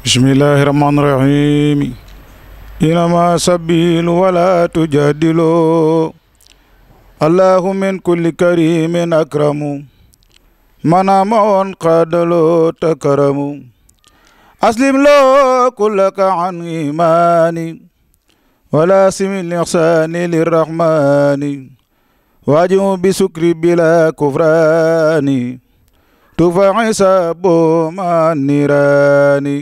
bismillahi rahmaani rahiim inama sabil wala tujadilo allahu min kulli karimin akramu manama on qadalo takaramu aslim lo kullaka an imani wala simil ihsani lirrahmani wajihu bisukri bila kufrani tufa isabu man nirani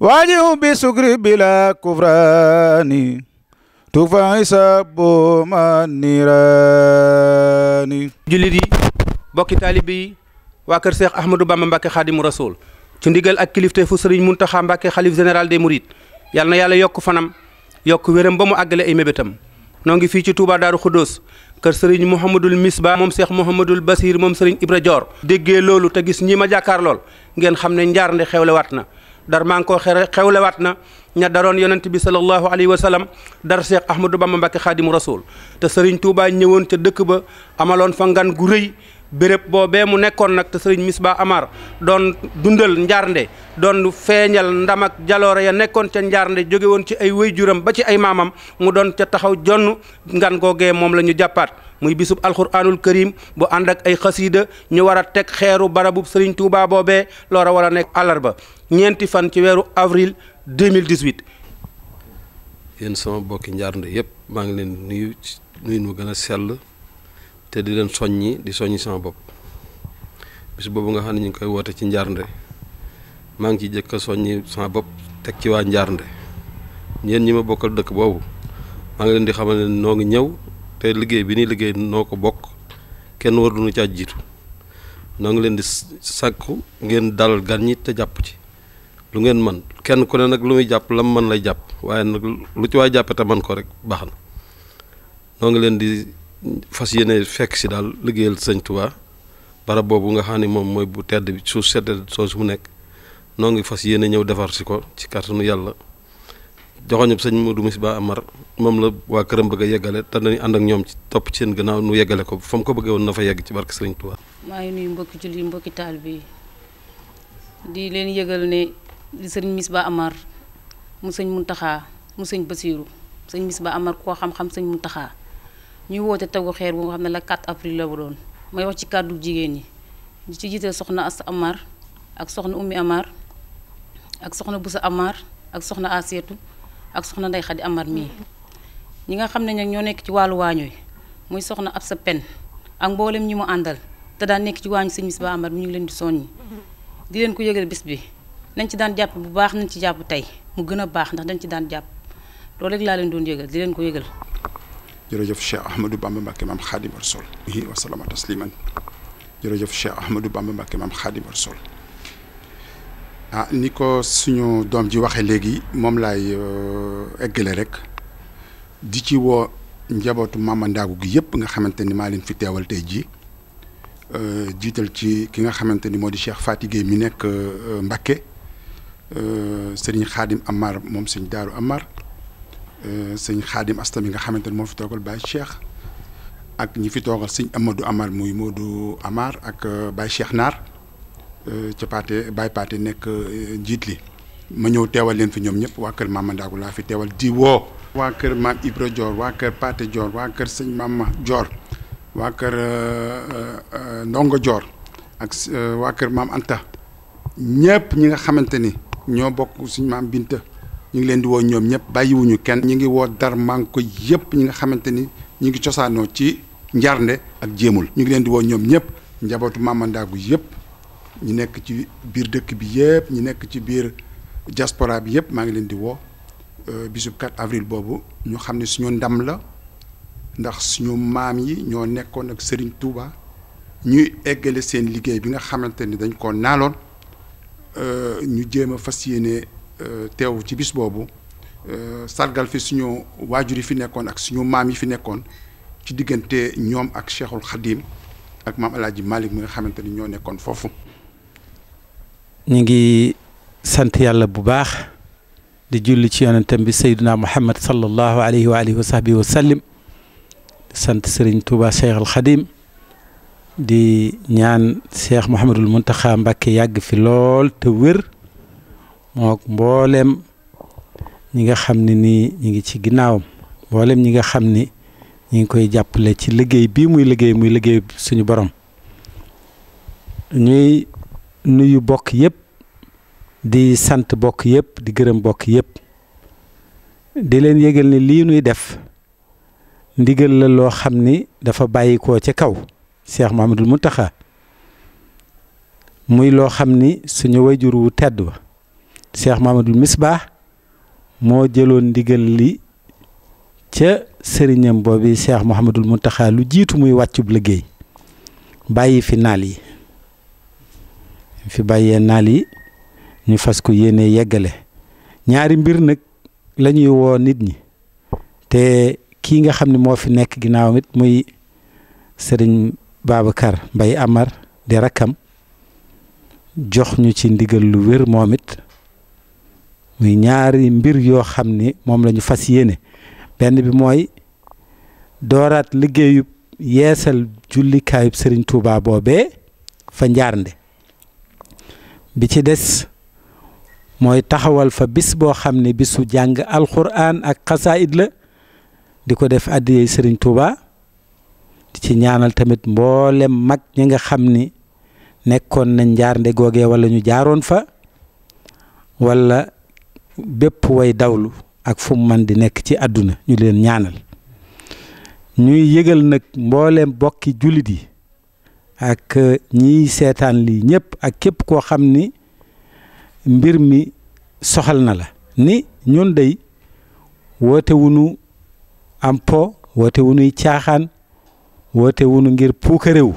واجي بي بلا كفراني توفا حساب ما نيراني جليدي بوكي طالبي واكر شيخ احمد بام مبك خادم الرسول تي نديغال اك كليفته فو خليف جنرال دي موريت يالنا يالا يوك فنام يوك ويرم بامو اغال اي مبتام نونغي في توبا دار خدوس كر سيرن محمد المصباح موم شيخ محمد البصير موم سيرن ابرا جور لولو تا نيما جاكار لول نين خامني نجار ندي خيولا واتنا dar maa ngi ko xewlewaat na ña daron yonent bi sallallahu alaihi wasallam dar cheikh ahmadou bamba mbacke khadim rasul te serigne touba ñewon te dekk ba amalon fa ngan gu rëy béréb mu nekkon nak te serigne misba amar don dundal njarnde don feñal ndam ak jaloore ya nekkon ci njarnde joge won ci ay wayjuram ba ci ay mamam mu don ca taxaw jonn ngan goge mom lañu jappat muy bisub alquranul karim bu andak ay khasida ñu wara tek barabu barabub touba bobé lora wara nek alarba ñenti fan ci wéru avril 2018. yéen sama bokki njaarnde yëpp maa ngi leen nuyu nuyu mu gën a sell te di leen soññi di soññi sama bopp bis boobu nga xam ne ñu ngi koy woote ci njaarnde maa ngi ciy jëkk a soññi sama bopp teg ci waa njaarnde ñeen ñi ma bokkal dëkk boobu di xamal ne noo ngi ñëw te liggéey bi ni liggéey noo ko bokk kenn waruñu caa jiitu noo ngi di sàkku ngeen dalal gan te jàpp ci lu ngeen man kenn ku ne nak lu muy japp lam man lay japp waye nak lu ci way jappé ta man ko rek baxna no nga len di fas yéene fekk si dal liggéeyal seigne touba bara bobu nga xani mom moy bu tedd bi su sedd so su nek no nga fas yéene defar ci ko ci kàttanu yalla joxoñu seigne Modou Misba Amar mom la wa kërëm bëgg a yeggale dañu and ak ñom ci top ci seen gënaaw nu ko fam ko bëgg won na fa yegg ci barke seigne Touba. nuyu julli mbokk di len yëgal ne di sëñ Misba Amar mu sëñ Muntaxa mu sëñ Basiiru sëñ Misba Amar koo xam-xam sëñ Muntaxa ñuy woote tegu xeer bu nga xam ne la 4 avril la bu doon may wax ci kàddu jigéen ñi di ci jiitee soxna Assa Amar ak soxna Ummi Amar ak soxna Busa Amar ak soxna Aseetu ak soxna Ndey Xadi Amar mii ñi nga xam ne nag ñoo nekk ci wàllu waañ wi muy soxna ab sa pen ak mboolem ñi mu àndal te daan nekk ci waañu sëñ Misba Amar mi ñu ngi leen di soññi di leen ko yëgal bi nañ ci daan japp bu baax nañ ci japp tay mu gëna baax ndax dañ ci daan japp lool rek la leen doon yëgal di leen ko yëgal jërëjëf cheikh ahmadou bamba mam khadim rasoul bihi wa salama tasliman jërëjëf cheikh ahmadou bamba mbàkke mam khadim rasoul ah ni ko suñu doom ji waxe legi mom lay euh, eggale rek di ci wo njabotu mama ndagu gi yépp nga xamanteni ma leen fi teewal ji euh jital ci ki nga xamanteni modi cheikh fati gueye mi nekk euh, mbàkke sëriñ xaadim Amar moom sëñ Daaru Amar sëñ xaadim asta mi nga xamante ne moo fi toogal Baye Cheikh ak ñi fi toogal sëñ Amadou Amar muy Modou Amar ak Baye Cheikh Naar ca Paate Baye Paate nekk njiit li ma ñëw teewal leen fi ñoom ñëpp waa kër Mama Ndaagu laa fi teewal di woo. waa kër maam Ibra Dior waa kër Paate Dior waa kër sëñ Mama Dior waa kër Ndongo Dior ak waa kër maam Anta ñëpp ñi nga xamante ni. ñoo bokk suñu maam Binta ñu ngi leen di woo ñoom ñëpp bàyyiwuñu kenn. ñu ngi woo Darmanko yëpp ñi nga xamante ni ñu ngi cosaanoo ci njarnde ak jéemul. ñu ngi leen di woo ñoom ñëpp njabootu Mamandaagu yëpp ñu nekk ci biir dëkk bi yëpp ñu nekk ci biir diaspora yëpp maa ngi leen di woo euh, bisub 4 avril boobu ñu xam ne suñu ndam la ndax suñu maam yi ñoo nekkoon ak sëriñ Touba ñuy eggale seen liggéey bi nga xamante ni dañ koo naaloon. Euh, ñu jéem a fas yéene euh, teew ci bis boobu euh, sargal fi suñu waajur yi fi nekkoon ak suñu maam yi fi nekkoon ci diggante ñoom ak Cheikhul Khadim ak maam El Hadj Malick mi nga xamante ni ñoo nekkoon foofu. ñu ngi sant yàlla bu baax di julli ci yonentam bi Seydina Muhammad sallallahu alayhi wa alihi wa sant Serigne Touba Cheikhul Khadim di ñaan Cheikh Mouhamadul Mountakha Mbacké yàgg fi lool te wér mook mbooleem ñi nga xam ne nii ñi ngi ci ginnaawam mbooleem ñi nga xam ni ñi ngi koy jàppale ci liggéey bii muy liggéey muy liggéey suñu borom ñuy nuyu bokk yëpp di sant bokk yëpp di gërëm bokk yëpp di leen yëgal ni lii nuy def ndigal la loo xam ni dafa bàyyikoo ca kaw Cheikh Mahamadul Muntaxa muy loo xam ni suñu wayjur wu tedd ba Cheikh Mahamadul Misbaax moo jëloon ndigal li ca sëriñam boobu Cheikh Mouhamadul Muntaxa lu jiitu muy wàccub liggéey bàyyi fi naal yi fi bàyyee naal yi ñu fas ko yéene yeggale ñaari mbir nag lañuy woo nit ñi te kii nga xam ne moo fi nekk ginnaawam it muy sëriñ Babacar mbay Amar di rakkam jox ñu ci ndigal lu wér moom it muy ñaari mbir yoo xam ni moom lañu fas yéene benn bi mooy dooraat liggéeyub yeesal jullikaayub Serigne Touba boobee fa njaarnde bi ci des mooy taxawal fa bis boo xam ne bisu jàng alxuraan ak xasaayid la di ko def àddiyey Serigne Touba ci ñaanal tamit mboolem mag ñi nga xam ni nekkoon nañ njaarnde googee wala ñu jaaroon fa wala bépp woy dawlu ak fum man di nekk ci àdduna ñu leen ñaanal ñuy yëgal nag mboolem bokki jullit yi ak euh, ñiy seetaan lii ñëpp ak képp koo xam ni mbir mi soxal na la ni ñun day woote wunu am po woote wunuy caaxaan woote wunu ngir puukarewu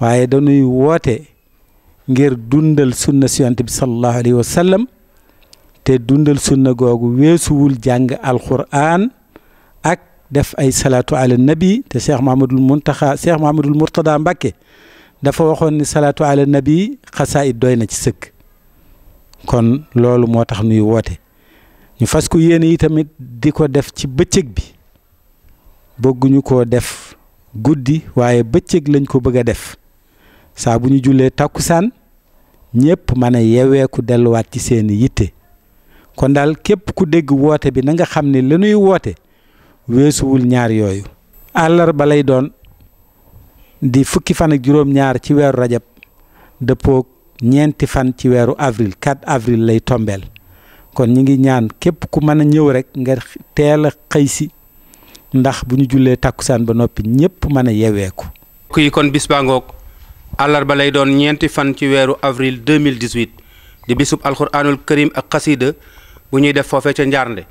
waaye dañuy woote ngir dundal sunna si yonent bi sallallahu alayhi wa sallam te dundal sunna googu weesuwul jàng alquran ak def ay salaatu ala nabi te cheikh mahamadul muntaxa cheikh mahamadul murtada mbàkke dafa waxoon ni salaatu ala nabi xasaayit doy na ci sëkk kon loolu moo tax nuy woote ñu fas ko yéene yi tamit di ko def ci bëccëg bi bëgguñu koo def guddi waaye bëccëg lañ ko bëgg a def saa bu ñu jullee tàkkusaan ñëpp mën a yeweeku delluwaat ci seeni yitte kon daal képp ku dégg woote bi nanga xam ne la ñuy woote weesuwul ñaar yooyu àllarba lay doon di fukki fan ak juróom-ñaar ci weeru rajab dëppook ñeenti fan ci weeru avril 4 avril lay tombeel kon ñu ngi ñaan képp ku mën a ñëw rek nga teel a xëy si ndax bu ñu jullee tàkkusaan ba noppi ñépp mën a yeweeku kii kon bis baa ngoog àllarba lay doon ñeenti fan ci weeru avril 2018 di bisub alxuraanul karim ak xasiida bu ñuy def foofe ca njaarnde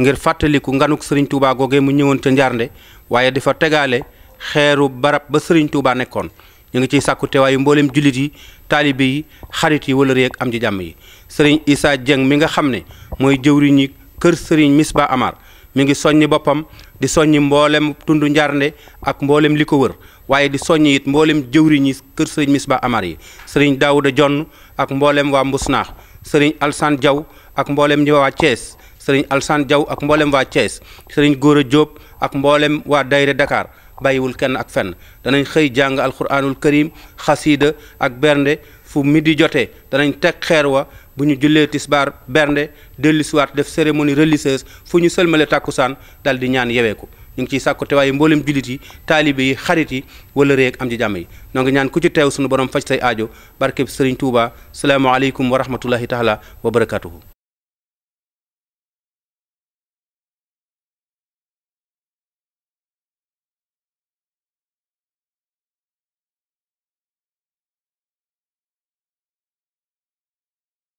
ngir fàttaliku nganuk sëriñ Touba googee mu ñëwoon ca njaarnde waaye dafa fa tegaale xeeru barab ba sëriñ Touba nekkoon ñu ngi ciy sàkku teewaayu mboolem jullit yi taalibe yi xarit yi wala réeg am ji jàmm yi sëriñ isaa Dieng mi nga xam ne mooy jëwriñi kër sëriñ Misba Amar mi ngi soññi boppam di soññi mboolem tund njarnde ak mboolem li ko wër waaye di soññi it mboolem jëwriñi kër sëriñ Misba Amar yi sëriñ Daouda Jonn ak mboolem waa Mbusnaax sëriñ Alsaan Jaw ak mboolem ñi waa Thiès sëriñ Alsaan Jaw ak mboolem waa Thiès sëriñ Góora Jóob ak mboolem waa Dayre dakaar bàyyiwul kenn ak fenn danañ xëy jàng alquranul karim xasiida ak bernde fu di jotee danañ teg xeer wa buñu ñu jullee tisbaar bernde dellu siwaat def cérémonie religieuse fu ñu sëlmale tàkkusaan dal di ñaan yeweeku ñu ngi ciy sàkku teewaayu mboolem julit yi taalibe yi xarit yi wala réeg am ci jàmm yi noo ngi ñaan ku ci teew sunu borom faj say aajo barkeb sëriñ Touba salaamaaleykum wa rahmatullahi taala wa barakatuhu